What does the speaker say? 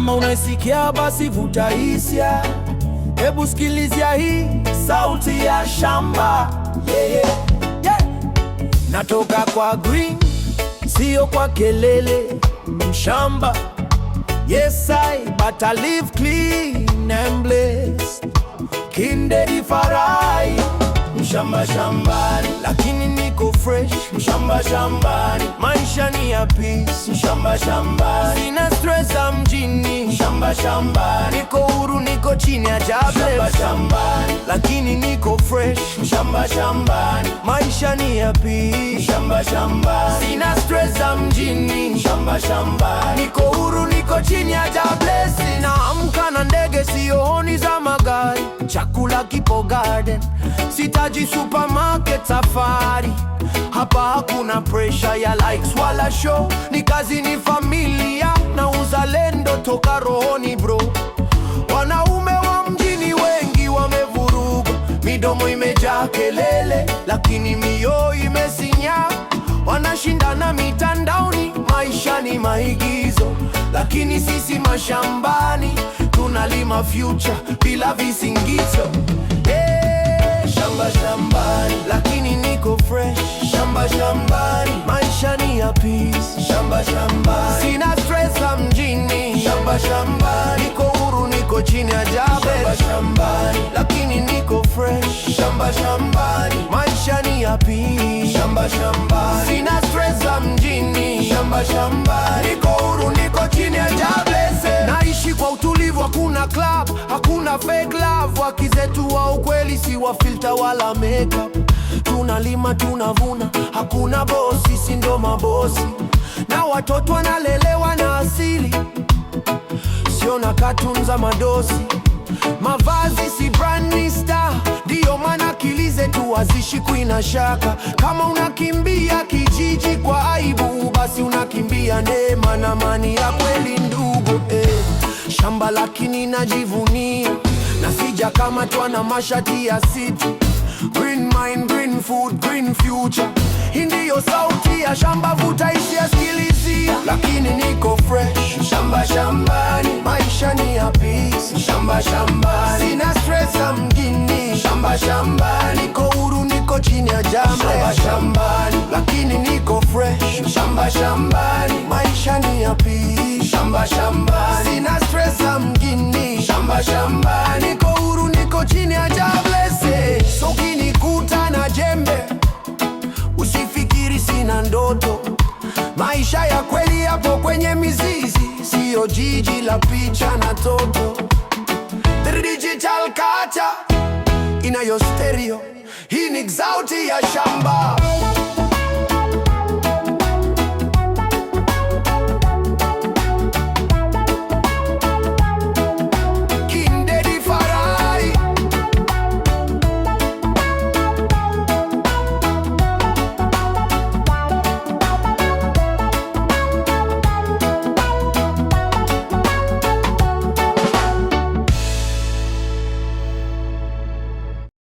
Kama unaisikia basi vuta hisia, hebu sikilizia hii sauti ya shamba yeah, yeah. Yeah. Natoka kwa green, sio kwa kelele mshamba. Yes, I, but I live clean and blessed. Kinde ifarai mshamba shambani, lakini niko fresh mshamba shambani ya peace. Shamba shamba, sina stress za mjini. Shamba shamba, niko huru, niko chini ya Shamba shamba, lakini niko fresh. Shamba shamba, maisha ni ya peace. Shamba shamba, sina stress za mjini. Shamba shamba, niko huru, niko chini ya Naamka na ndege, sioni zama chakula kipo garden, sitaji supermarket safari. Hapa hakuna pressure ya likes wala show, ni kazi, ni familia na uzalendo toka rohoni bro. Wanaume wa mjini wengi wamevuruga, midomo imejaa kelele, lakini mioyo imesinya. Wanashindana mitandaoni, maisha ni maigizo, lakini sisi mashamba tunalima future bila visingito. Hey, eh, shamba shambani, lakini niko fresh. Shamba shambani, maisha ni ya peace. Shamba shambani, sina stress za mjini. Shamba shambani, niko huru, niko chini ya jabe. Shamba shambani, lakini niko fresh. Shamba shambani, maisha ni ya peace. Shamba shambani, sina stress za mjini. Shamba shambani, niko Hakuna fake love, waki zetu wa ukweli, si wa filter wala makeup. Tunalima, tunavuna, hakuna bosi, sindo ndo mabosi, na watoto wanalelewa na asili, sio na katuni za madosi. Mavazi si brand ni star, ndiyo maana akili zetu hazishikwi na shaka. Kama unakimbia kijiji kwa aibu, basi unakimbia neema na amani ya kweli, ndugu eh. Shamba lakini najivunia Tunakamatwa na mashati ya city. Green mind, green food, green future. Hii ndiyo sauti ya shamba, vuta isiasikilizia, lakini niko fresh. Shamba shambani, maisha ni ya peace. Shamba shambani, sina stress ya mjini. Shamba shambani, niko huru, niko chini ya jambo. Shamba shambani, lakini niko fresh. Shamba shambani, maisha ni ya peace. Shamba shambani, sina stress ya mjini. moto. Maisha ya kweli yapo kwenye mizizi, siyo jiji la picha na toto. Digital kata inayo stereo, hii ni sauti ya shamba.